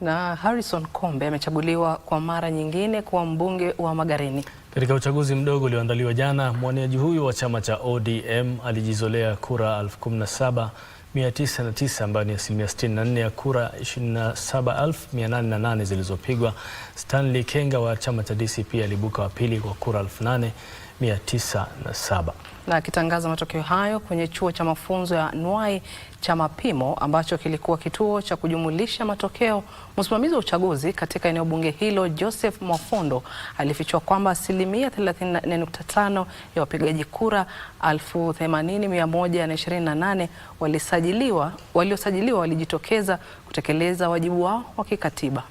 Na Harrison Kombe amechaguliwa kwa mara nyingine kuwa mbunge wa Magarini. Katika uchaguzi mdogo ulioandaliwa jana, mwaniaji huyu wa chama cha ODM alijizolea kura 17,909 ambayo ni asilimia 64 ya kura 27,808 zilizopigwa. Stanley Kenga wa chama cha DCP alibuka wa pili kwa kura 8,000 907. Na akitangaza matokeo hayo kwenye chuo cha mafunzo ya Nwai cha Mapimo ambacho kilikuwa kituo cha kujumulisha matokeo, msimamizi wa uchaguzi katika eneo bunge hilo Joseph Mwafondo alifichua kwamba asilimia 34.5 ya wapigaji kura 80,128 walisajiliwa waliosajiliwa walijitokeza kutekeleza wajibu wao wa kikatiba.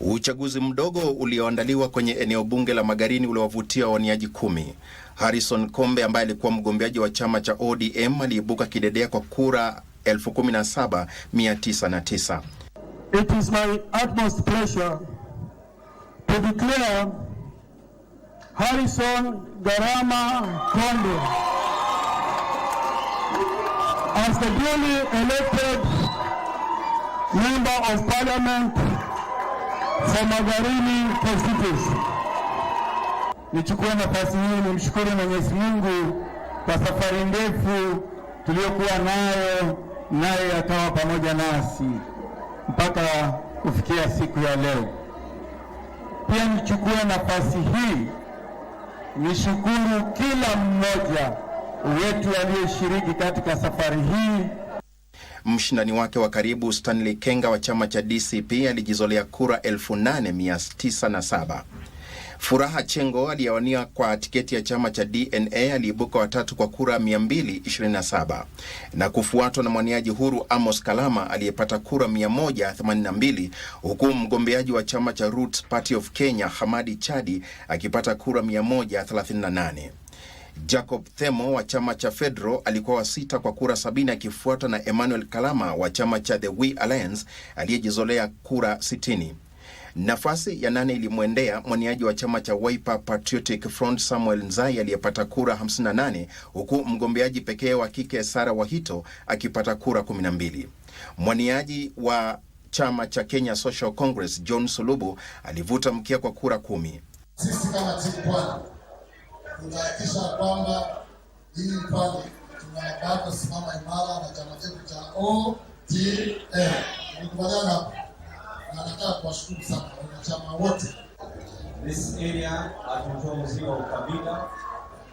Uchaguzi mdogo ulioandaliwa kwenye eneo bunge la Magarini uliwavutia waniaji kumi. Harrison Kombe ambaye alikuwa mgombeaji wa chama cha ODM aliibuka kidedea kwa kura 17909. It is my utmost pleasure to declare Harrison Garama Kombe as the duly elected member of parliament za Magarini Constituency. Nichukue nafasi hii nimshukuru Mwenyezi Mungu kwa safari ndefu tuliyokuwa nayo, naye akawa pamoja nasi mpaka kufikia siku ya leo. Pia nichukue nafasi hii nishukuru kila mmoja wetu aliyeshiriki katika safari hii Mshindani wake wa karibu Stanley Kenga wa chama cha DCP alijizolea kura 8907. Furaha Chengo aliyewania kwa tiketi ya chama cha DNA aliibuka watatu kwa kura 227 na kufuatwa na mwaniaji huru Amos Kalama aliyepata kura 182 huku mgombeaji wa chama cha Roots Party of Kenya Hamadi Chadi akipata kura 138. Jacob Themo wa chama cha Fedro alikuwa wa sita kwa kura sabini akifuata na Emmanuel Kalama wa chama cha The We Alliance aliyejizolea kura sitini. Nafasi ya nane ilimwendea mwaniaji wa chama cha Wiper Patriotic Front Samuel Nzai aliyepata kura 58 huku mgombeaji pekee wa kike Sara Wahito akipata kura 12. Mwaniaji wa chama cha Kenya Social Congress John Sulubu alivuta mkia kwa kura kumi. Sisi kama timu kuhakikisha kwamba hii mpango tunabado simama imara na chama chetu cha ODM. Nikubaliana hapo, na nataka kuwashukuru sana wanachama wote. This area hatutoa mzigo wa ukabila,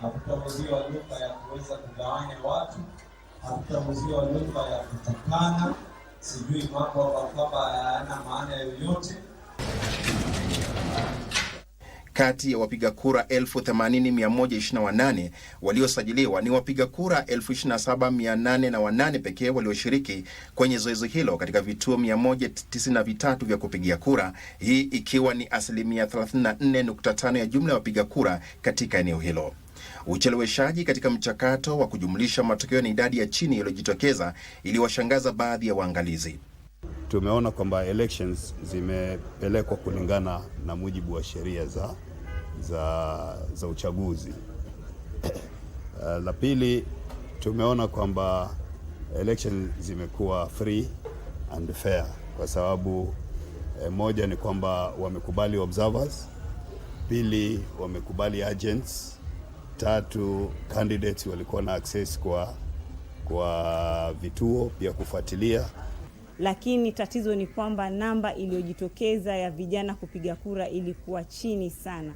hatutoa mzigo wa nyumba ya kuweza kugawanya watu, hatutoa mzigo wa nyumba ya kutukana, sijui mambo kwamba hayana maana yoyote. Kati ya wapiga kura 80,128 waliosajiliwa ni wapiga kura 27,808 pekee walioshiriki kwenye zoezi hilo katika vituo 193 vya kupigia kura, hii ikiwa ni asilimia 34.5 ya jumla ya wapiga kura katika eneo hilo. Ucheleweshaji katika mchakato wa kujumlisha matokeo na idadi ya chini iliyojitokeza iliwashangaza baadhi ya waangalizi. Tumeona kwamba elections zimepelekwa kulingana na mujibu wa sheria za za, za uchaguzi. Eh, la pili, tumeona kwamba election zimekuwa free and fair kwa sababu eh, moja ni kwamba wamekubali observers, pili wamekubali agents, tatu candidates walikuwa na access kwa, kwa vituo pia kufuatilia. Lakini tatizo ni kwamba namba iliyojitokeza ya vijana kupiga kura ilikuwa chini sana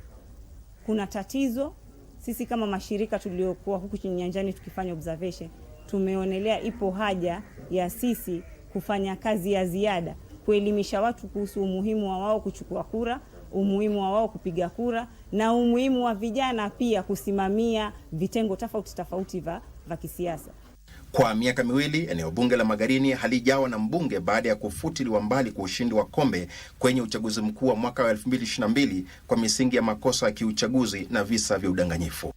kuna tatizo. Sisi kama mashirika tuliokuwa huku chini nyanjani tukifanya observation, tumeonelea ipo haja ya sisi kufanya kazi ya ziada kuelimisha watu kuhusu umuhimu wa wao kuchukua kura, umuhimu wa wao kupiga kura na umuhimu wa vijana pia kusimamia vitengo tofauti tofauti vya kisiasa. Kwa miaka miwili eneo bunge la Magarini halijawa na mbunge baada ya kufutiliwa mbali kwa ushindi wa Kombe kwenye uchaguzi mkuu wa mwaka wa 2022 kwa misingi ya makosa ya kiuchaguzi na visa vya udanganyifu.